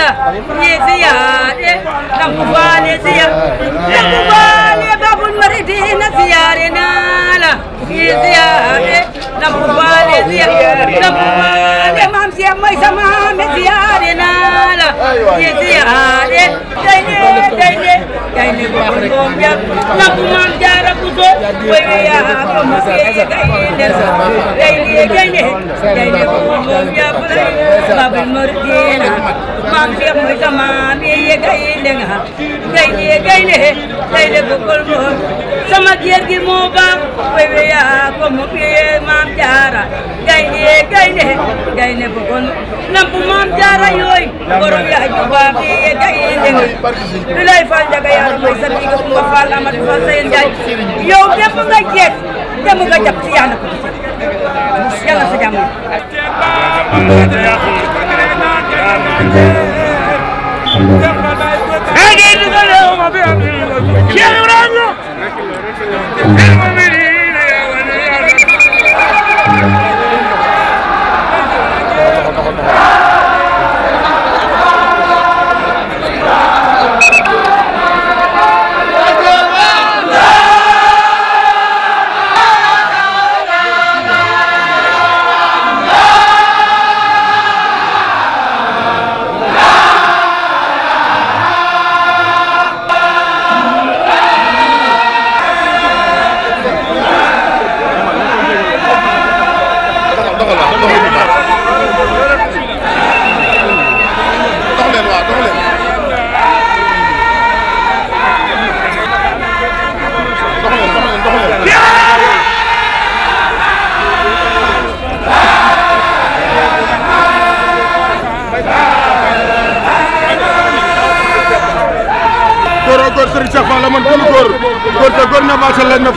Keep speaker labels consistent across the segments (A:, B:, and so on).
A: 了，也是呀的，
B: 那不管也是呀，那不管也把不我的的那是呀
A: 的那了，也是呀的，那不管也是呀，那不管也忙些没什么没是呀的那了，也是呀的，对的对的，对的不管多点，那不忙点了不做，对的呀，不忙些对的，对的对的，对的不管多点不来，把不我的
B: 的那。gaye gaynde nga gaynde gaynde gaynde gogol mo sama géer gi moo baax wewe yaa ko mu biye
A: maam jaara gaynde gaynde gaynde gogol nampu maam jaara yooy borom yaa juba biye gaynde nga bilay faal njaga yaa koy sa biiga kuma faal amadu faal sayen jaaj yow dem nga jeeg dem nga jàpp ci yàlla ko yàlla sa jàmm
B: Cheikh Ibrahima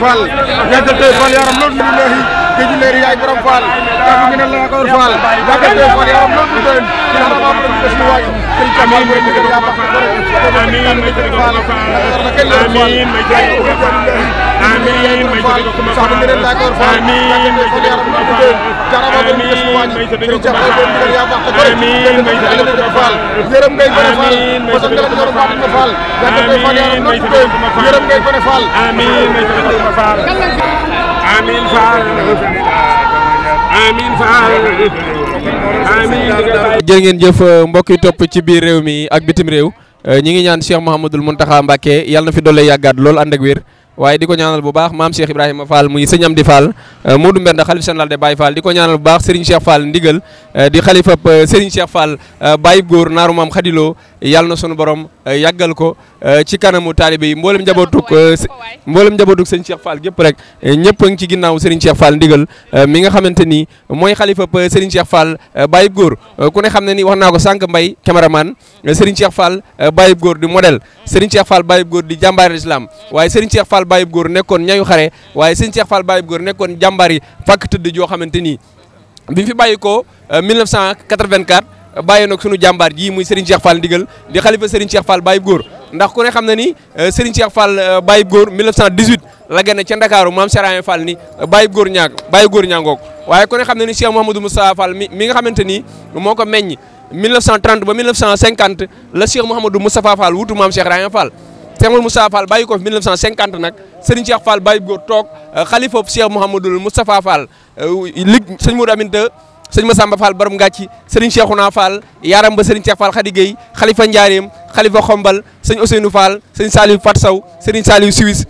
C: Fall yàggal tey Fall yaram leer yaay borom faal yaa ngi ne la nga koy faal yaa ngi koy faal yaa ngi koy faal yaa ngi koy faal yaa ngi koy faal yaa ngi koy faal yaa ngi koy faal آمين فال
D: jërë ngeen jëf euh, mbokk yi topp ci biir réew mi ak bitim réew euh, ñi ngi ñaan Cheikh Mouhamadul Mountakha Mbacké yàlla na fi doole yàggaat lool ànd ak wér waaye di ko ñaanal bu baax maam Cheikh Ibrahima Fall muy sëñ Amdi Fall euh, Modou Mbenda xalif général de Baye Fall di ko ñaanal bu baax Serigne Cheikh Fall ndigal di xalifab Serigne Cheikh Fall Baye góor naaru maam Khadilo yàlla na sunu boroom eh, yàggal ko eh, ci kanamu taalibe yi mboolem njabootug eh, mboolem njabootug sëñ Cheikh Fall gépp rek ñëpp ngi ci ginnaaw Serigne Cheikh ndigal mi nga xamante ni mooy xalifa Serigne Cheikh Fall Baye Góor ku ne xam ne ni wax naa ko sànq Mbaye cameraman Serigne Cheikh Fall Baye Góor di modèle Serigne Cheikh Fall Baye Góor di jàmbaari islam waaye Serigne Cheikh Fall Baye Góor nekkoon ñayu xare waaye Serigne Cheikh Fall Baye Góor nekkoon jàmbaari fàkk tëdd joo xamante ni bi mu fi bàyyi ko 1984. bàyyi nag sunu jàmbaar jii muy Serigne Cheikh Fall ndigal di xalifa Serigne Cheikh Fall Baye Góor ndax ku ne xam na ni euh, Serigne Cheikh Fall euh, Baye Góor 1918 la gane ca Ndakaaru maam Serigne Fall ni euh, Baye Góor ñaag Baye Góor ñaangoog waaye ku ne xam na ni Cheikh Mouhamadou Moustapha Fall mi mi nga xamante ni moo ko meññ 1930 ba 1950 la Cheikh Mouhamadou Moustapha Fall wutu maam Cheikh Rayane Fall Cheikh Moustapha Fall bàyyi ko fi 1950 nag Serigne Cheikh Fall Baye Góor toog xalifa Cheikh Mouhamadou Moustapha Fall lig sëñ Mourou Aminta sëñ Massamba Fall borom ngàcci sëriñ Cheikhouna Fall yaaram ba sëriñ Cheikh Fall Khady Gueye xalifa Njaareem xalifa Xombal sëñ Ousseynou Fall sëñ Saliou Fat Sow sëriñ Saliou Suisse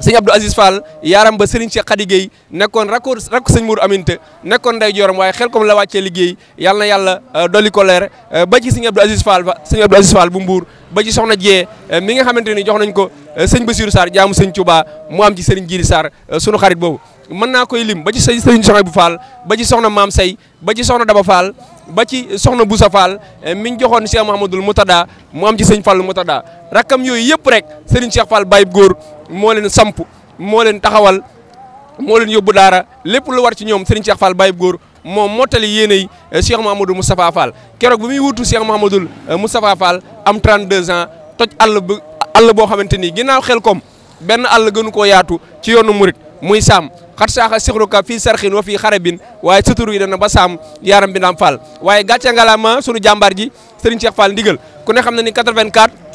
D: sëñ Abdou Aziz Fall yaaram ba Serigne Cheikh Khady Gueye nekkoon rakku sëñ Mourou Aminta nekon nday jooram waaye xel kom la wàccee liggéey yàlla na yàlla euh, dolli ko leer euh, ba ci sëñ Abdou Aziz Fall ba sëñ Abdou Aziz Fall bu Mbour ba soxna Dieng euh, mi nga xamante ni jox nañ ko sëñ Bassirou Sarr jaamu sëñ Touba mu am ci Serigne Djili Sarr sunu xarit boobu. mën naa koy lim ba ci sëñ soxna bu Fall ba ci Maam say ba ci soxna Daba Fall ba ci soxna Boussa Fall mi ñu joxoon Cheikh Mahamadul Moutada mu am ci sëñ Fall Moutada rakkam yooyu yëpp rek Serigne Cheikh Fall Baye moo leen samp moo leen taxawal moo leen yóbbu daara lépp lu war ci ñoom Serigne Cheikh Fall Baye Góor moo mottali yéene yi eh, Cheikh Mouhamadou Moustapha Fall keroog bi muy wutu Cheikh Mouhamadou eh, Moustapha Fall am 32 ans toj àll bu àll boo xamante ni ginnaaw xel kom benn àll gënu koo yaatu ci yoonu murit muy saam xat saaxa sixruka fii sarxin wa fii xarabin waaye suturu yi dana ba saam yaaram bi waaye Fall waaye gàcce ngalaama sunu jàmbaar ji Serigne Cheikh Fall ndigal ku ne xam na ni 84.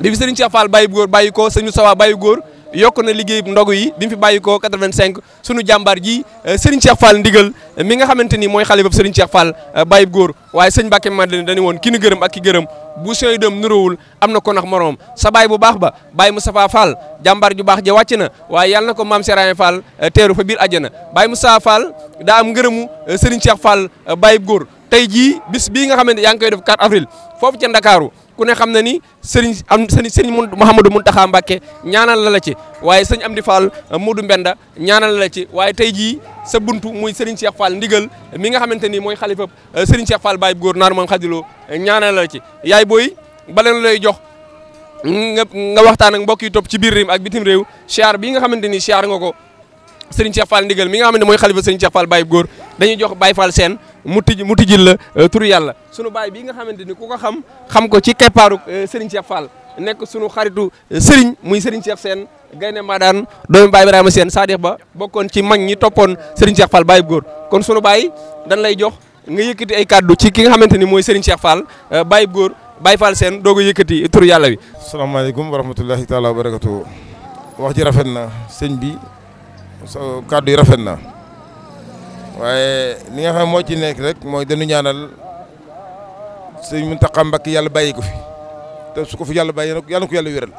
D: bi fi Serigne Cheikh Fall bàyyi góor bàyyi ko sëñ Moustapha bàyyi góor yokk na liggéey ndogu yi bi mu fi bàyyi ko 85 sunu jàmbaar ji euh, Serigne Cheikh Fall ndigal euh, mi nga xamante ni mooy xalifa Serigne Cheikh Fall euh, bàyyi góor waaye sëñ Mbacke Madeleine dañu woon ki nu gërëm ak ki gërëm bu sooy dem nuróowul am na ko nax moroom sa baay bu baax ba baay Moustapha Fall jàmbaar ju baax ja wàcc na waaye yàlla na ko maam Serigne Fall teeru fa biir àjjana baay Moustapha Fall daa am ngërëmu Serigne Cheikh Fall bàyyi góor tey jii bis bii nga xamante yaa ngi koy def 4 avril foofu ca Ndakaaru ku ne xam na ni sëriñ am sëriñ sëriñ Mouhamadou Mountakha Mbacké ñaanal la la ci waaye sëñ Amdi Fall Modou Mbenda ñaanal la la ci waaye tey jii sa buntu muy sëriñ Cheikh Fall ndigal mi nga xamante ni mooy xalifa euh, sëriñ Cheikh Fall Baye góor naar moom xadiloo ñaanal la ci yaay booy baleen lay jox nga nga waxtaan ak mbokk yi topp ci biir réew ak bitim réew siyaar bii nga xamante ni siyaar nga ko Serigne Cheikh Fall ndigal mi nga xam ne mooy xalifa Serigne Cheikh Fall Baye góor dañuy jox Baye Fall seen mu tij mu tijil la euh, turu yàlla sunu baay bii nga xamante ni ku ko xam xam ko ci keppaaru euh, Serigne Cheikh Fall nekk sunu xaritu euh, Serigne muy Serigne Cheikh seen gaynde maadaan doomu Baye Ibrahima seen Sadikh ba bokkoon ci mag ñi toppoon Serigne Cheikh góor kon sunu baay dañ lay jox nga yëkkati ay kàddu ci ki nga xamante ni mooy Serigne Cheikh Fall góor Baye Fall seen doog a yëkkati turu yàlla wi.
C: asalaamaaleykum wa rahmatulahi taala wa barakatu wax ji rafet na sëñ bi. so kàddu yi rafet na waaye ni nga xam moo ci nekk rek mooy dañu ñaanal sëñ mu Mbàkke yàlla bàyyi ko fi fi yàlla bàyyi nag ko yàlla wéral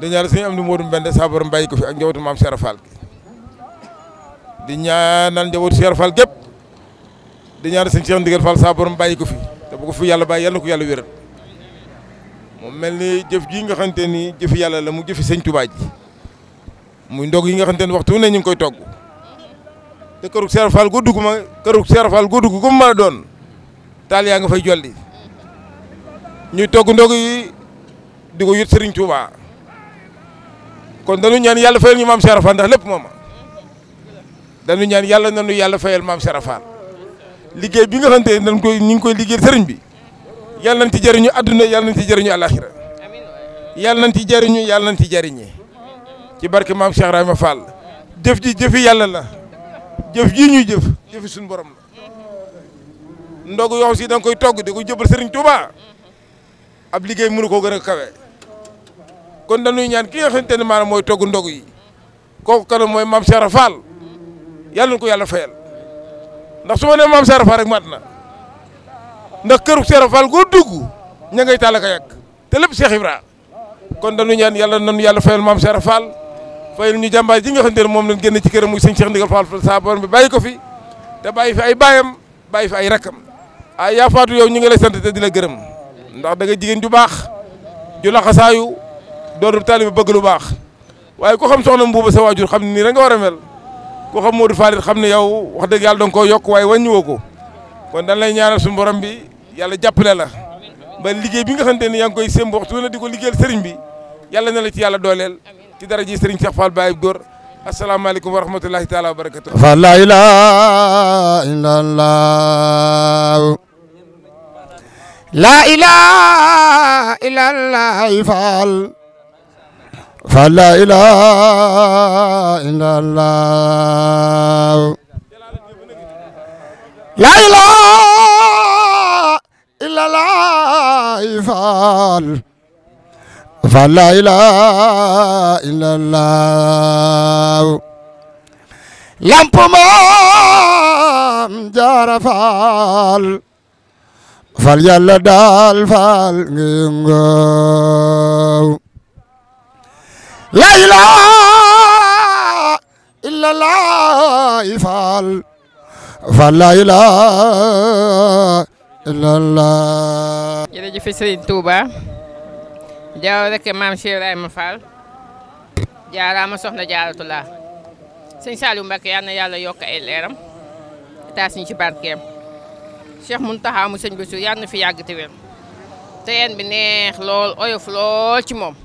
C: di sëñ Amdi Moodu Mbende saa borom bàyyi ko fi ak njabootu maam Cheikh Fall gi di ñaanal gépp di ñaanal sëñ saa borom bàyyi ko fi te bu fu yàlla bàyyi yàlla ko yàlla wéral moom mel ni jëf ji nga xamante ni jëfi yàlla la mu jëfi sëñ Tuubaa muy ndog yi nga xamante ne waxtu ne ñu ngi koy togg te kërug Cheikh Fall goo dugg ma kërug Cheikh Fall goo dugg ku mu mën a doon taal yaa nga fay jolli ñuy togg ndog yi di ko yët Serigne kon dañu ñaan yàlla fayal ñu maam Cheikh Fall lépp mooma dañu ñaan yàlla nañu yàlla fayal maam Cheikh liggéey bi nga xamante ne dañ koy ñu ngi koy liggéey sëriñ bi yalla nañ ci jëriñu adduna yàlla nañ ci jëriñu alaxira yàlla nañ ci jëriñu yàlla nañ ci jëriñee ci barke maam Cheikh Rahima Fall jëf ji jëfi yàlla la jëf ji ñuy jëf jëfi suñu borom la ndog yoo xam si koy togg di ko jëbal Serigne Touba ab liggéey mënu koo gën a kawe kon dañuy ñaan ki nga xamante ne maanaam mooy togg ndog yi ko kanam mooy maam Cheikh Rahima Fall yàlla ko yàlla fayal ndax su ma nee maam Cheikh Rahima rek mat na ndax këru Cheikh Rahima Fall goo dugg ña ngay tàllaka yàq te lépp Cheikh Ibra kon dañu ñaan yàlla nanu yàlla fayal maam Cheikh Rahima fayal ñu jàmbaar ji nga xamante ne moom lañ génn ci këram muy sëñ Cheikh Ndigal Fall sa borom bi bàyyi ko fi te bàyyi fi ay baayam bàyyi fi ay rakkam ah yaa faatu yow ñu ngi lay sant te di la gërëm ndax da nga jigéen ju baax ju laxasaayu doonub taalibe bëgg lu baax waaye ku xam soxna mbuuba sa waajur xam ne nii rek nga war a mel ku xam Modou Fall it xam ne yow wax dëgg yàlla danga koo yokk waaye wàññiwoo ko kon dañ lay ñaanal suñu borom bi yàlla jàppale la ba liggéey bi nga xamante ne yaa ngi koy sémb waxtu na di ko liggéeyal sëriñ bi yàlla na la ci yàlla dooleel ci dara ji Serigne Cheikh Fall Baye Góor asalaamaaleykum wa rahmatulahi taala wa barakatu. fa laa
B: ilaaha illallah. laa ilaaha illallah Fall. fa laa ilaaha illallah. laa ilaaha illallah Fall. فلا إله إلا الله لامبو مام جار فال fal yàlla daal fal ngeengaw la ilaha illa allah fal fal la ilaha illa
A: allah jërëjëf Serigne Touba jaaw rek maam Cheikh Ibrahima Fall jaaraama soxna jaaratulaa sëñ Saliou Mbacke yal na yàlla yokk ay leeram taas ñu ci barkeem Cheikh Mountakha mu sëñ Bassirou yal na fi yàgg bi neex ci moom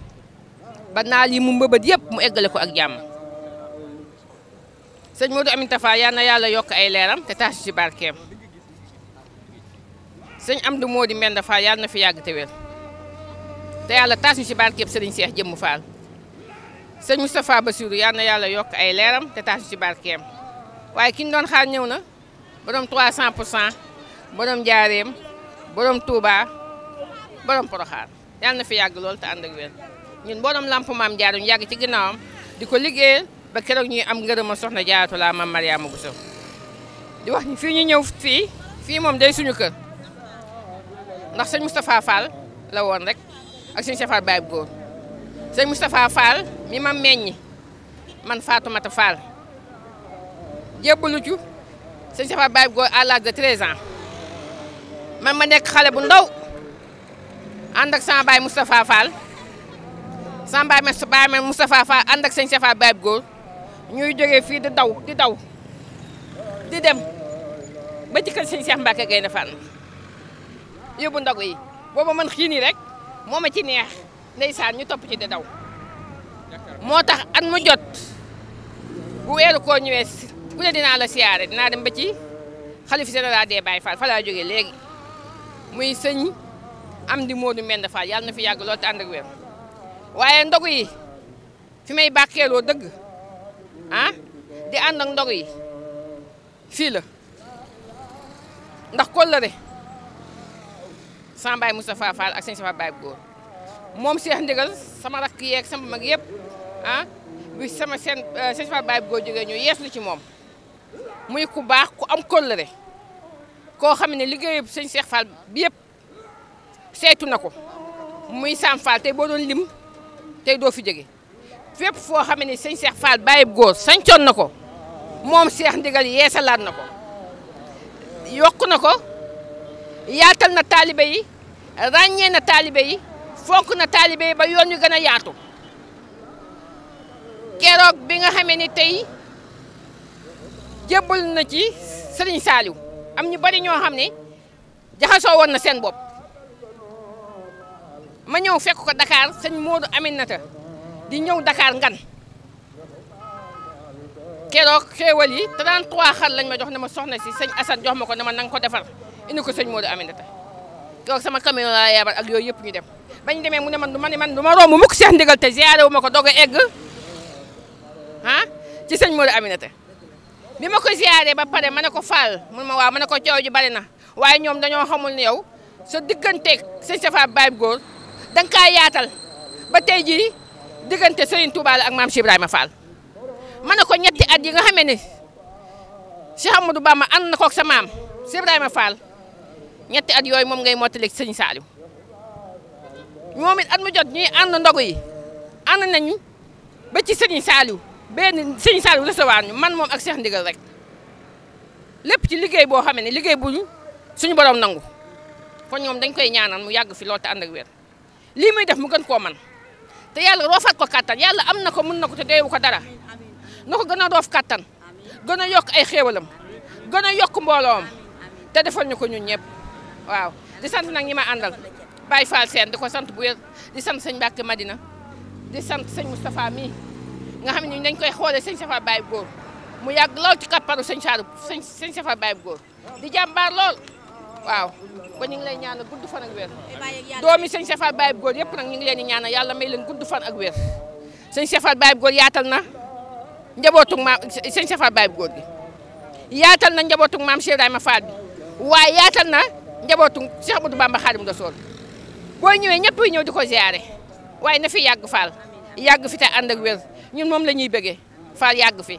A: ba naal yi mu mbëbët yëpp mu eggale ko ak jàmm sëñ Modou Aminta Fall na yàlla yokk ay leeram te taas ci barkeem sëñ Amdou Mody Mbenda Fall na fi yàgg te te yàlla taas ñu ci barkeeb sëriñ Seex jëmm Fall sëñ Moustapha Bassirou yal na yàlla yokk ay leeram te taas ñu ci waaye ki ñu doon xaar ñëw na borom 300 pour cent borom jaareem borom Touba borom Poroxaar yal na fi yàgg lool te ànd ak wér ñun borom lamp maam jaar ñu yàgg ci ginnaawam di ko liggéey ba keroog ñuy am ngërëm a soxna jaaratu laa maam Mariama Bousso di wax ni fii ñu ñëw fii fii moom day suñu kër sëñ Moustapha la woon rek. ak sëñ Moustapha Baye góor sëñ Moustapha Fall mi ma meññ man Fatoumata Fall jébbalu ci sëñ Moustapha Baye góor à l'âge de 13 ans man ma nekk xale bu ndaw ànd ak sama baay Moustapha Fall sama baay baay ànd ak sëñ Moustapha Baye góor ñuy jógee fii di daw di daw di dem ba ci kër sëñ Cheikh Mbacke Gaynde Fatma yóbbu ndogu yi booba man xiini rek. moo ma ci neex ndeysaan ñu topp ci di moo tax at mu jot bu weeru koo ñëwee ku ne dinaa la siyaare dinaa dem ba ci xalifa général des Baye Fall fa laa jógee léegi muy sëñ am di Modou Mende Fall yàlla na fi yàgg lool te ànd ak wér waaye ndogu yi fi may bàkkeeloo dëgg ah di ànd ak ndogu yi fii la ndax kóllëre sama baay Moustapha Fall ak sëñ Safa baay góor moom Cheikh Ndigal sama rakk yeeg sama mag yëpp ah sama seen euh, sëñ Safa baay góor jógee ñu yeeslu ci moom muy ku baax ku am kóllëre koo xam ne liggéeyub sëñ Cheikh Fall bi yëpp saytu na ko muy Sam Fall tey boo doon lim tey doo fi jóge fépp foo xam ne sëñ Cheikh Fall bàyyib góor sañcoon na ko moom Cheikh Ndigal yeesalaat na ko yokk na ko yaatal na taalibe yi ràññee na taalibe yi fonk na taalibe ba yoon yi gën a yaatu keroog bi nga xamee ni tey jébbal na ci sëriñ Saaliw am ñu bari ñoo xam ne jaxasoo woon na seen bopp ma ñëw fekk ko Dakar sëñ Modou Aminata di ñëw Dakar ngan keroog xéewal yi 33 xar lañ ma jox ne ma soxna si sëñ Assane jox ma ko ne ma nanga ko defar indi ko sëñ Modou Aminata kooku sama camion laa yabal ak yooyu yëpp ñu dem bañ demee mu ne man du ma ne man du ma romb mukk Cheikh Ndigal te ziare wu ma ko doog a egg ah ci sëñ Modou Aminata bi ma ko ziaree ba pare ma ne ko Fall mun ma waaw ma ne ko coow ji bari na waaye ñoom dañoo xamul ne yow sa digganteeg sëñ Safa Baye Góor da nga kaa yaatal ba tey jii diggante Serigne Touba la ak maam Cheikh Ibrahima Fall ma ne ko ñetti at yi nga xamee ne Cheikh Amadou Bamba ànd na koog sa maam Cheikh Ibrahima Fall. ñetti at yooyu moom ngay mottaleeg sëñ Saliou ñoom it at jot ñuy ànd ndogu yi ànd nañu ba ci sëñ Saliou benn sëñ Saliou recevoir ñu man moom ak Cheikh Ndigal rek lépp ci liggéey boo xamee ne liggéey bu ñu suñu borom nangu kon ñoom dañ koy ñaanal mu yàgg fi lool te ànd ak wér lii muy def mu gën koo man te yàlla roofaat ko kattan yàlla am na ko mun na ko te deewu ko dara na ko gën a roof kattan gën a yokk ay xéewalam gën a yokk mbooloom te defal ñu ko ñun ñëpp. waaw di sant nag ñi ma àndal baay Fall seen di ko sant bu wér di sant sëñ Mbacke Madina di sant sëñ Moustapha mi nga xam ne dañ koy xoolee sëñ Safa baay góor mu yàgg lool ci sëñ Saaru sëñ sëñ Safa Baye góor di jàmbaar lool waaw kon ñu ngi lay ñaanal gudd fan ak wér doomi sëñ Safa Baye góor yëpp nag ñu ngi leen di ñaanal yàlla may leen gudd fan ak weer sëñ Safa Baye góor yaatal na njabootu maam sëñ Safa Baye góor gi yaatal na njabootu maam Cheikh Ibrahima Fall bi waaye yaatal na njabootu Cheikh Ahmadou Bamba Xaadimu Rasuul boo ñëwee ñëpp ñëw di ko ziyaare waaye na fi yàgg Fall yàgg fi te ànd ak wér ñun moom la ñuy bëggee Fall yàgg fi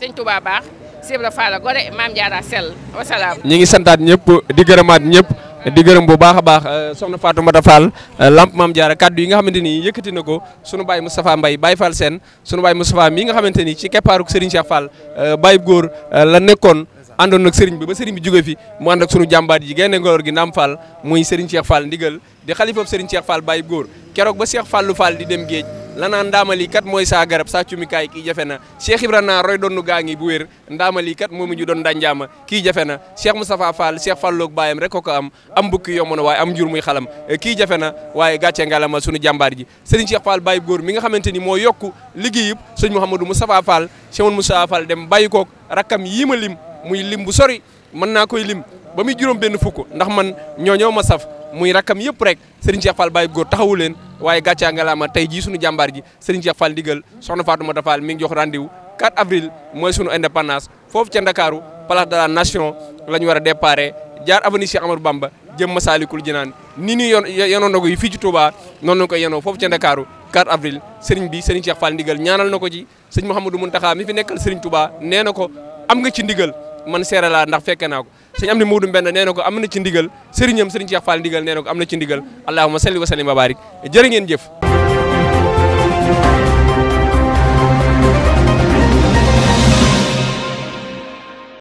A: sëñ Touba baax Sibra Fall gore Maam Jaara sell wasalaam.
D: ñi ngi santaat ñëpp di gërëmaat ñëpp di gërëm bu a baax euh, soxna Fatoumata Fall euh, lamp Maam Jaara kaddu yi nga xamante ni yëkkati na ko sunu baay Moustapha mbay Baye Fall seen sunu baay Moustapha mii nga xamante ni ci keppaaruk Serigne Cheikh Fall euh, Baye góor la nekkoon. àndoon nag sëriñ bi ba sëriñ bi jóge fi mu ànd ak sunu jàmbaat yi gaynde Ngor gi Naam Fall muy sëriñ Cheikh Fall ndigal di xalifab sëriñ Cheikh Fall Baye góor keroog ba Cheikh Fallu Fall di dem géej lanaa ndaamali kat mooy saa garab saa cumikaay kii jafe na Cheikh Ibra naa roy doonu gaa ngi bu wér ndaamali kat moo mujj doon ndanjaama kii jafe na Cheikh Moustapha Fall Cheikh Falloog baayam rek ko ko am am bukki yomb na waaye am jur muy xalam kii jafe na waaye gàcce ngalama sunu jàmbaar ji sëriñ Cheikh Fall Baye góor mi nga xamante ni moo yokku liggéeyub sëñ Mouhamadou Moustapha Fall Cheikh Moustapha Fall dem bàyyi koog rakkam yii ma lim muy lim bu sori mën naa koy lim ba muy juróom benn fukk ndax man ñoo ñoo ma saf muy rakkam yëpp rek Serigne Cheikh Fall Baye góor taxawu leen waaye gàccaa nga laa ma tey jii suñu jàmbaar ji Serigne Cheikh Fall digal soxna Fatoumata Fall mi ngi jox rendez-vous 4 avril mooy sunu indépendance foofu ca Ndakaaru place de la nation la ñu war a déparé jaar avenue Cheikh Amadou Bamba jëm Masaalikul Jinaan ni ni yon yenoon na ko yi fii ci Touba noonu la ñu koy foofu ca Ndakaaru 4 avril Serigne bi Serigne Cheikh Fall ndigal ñaanal na ko ci sëñ Mouhamadou Mountakha mi fi nekkal Serigne Touba nee na ko am nga ci ndigal man seere laa ndax fekke naa ko am di muudum benn nee na ko am na ci ndigal sëriñam sëriñ Cheikh Fall ndigal nee na ko am na ci ndigal allahumma salli wa sallim wa barik jërë ngeen